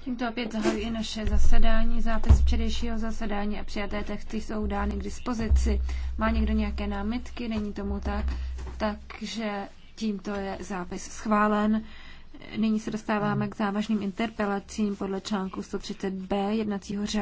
Tímto opět zahajuji naše zasedání. Zápis včerejšího zasedání a přijaté texty jsou dány k dispozici. Má někdo nějaké námitky? Není tomu tak. Takže tímto je zápis schválen. Nyní se dostáváme k závažným interpelacím podle článku 130b jednacího řádu.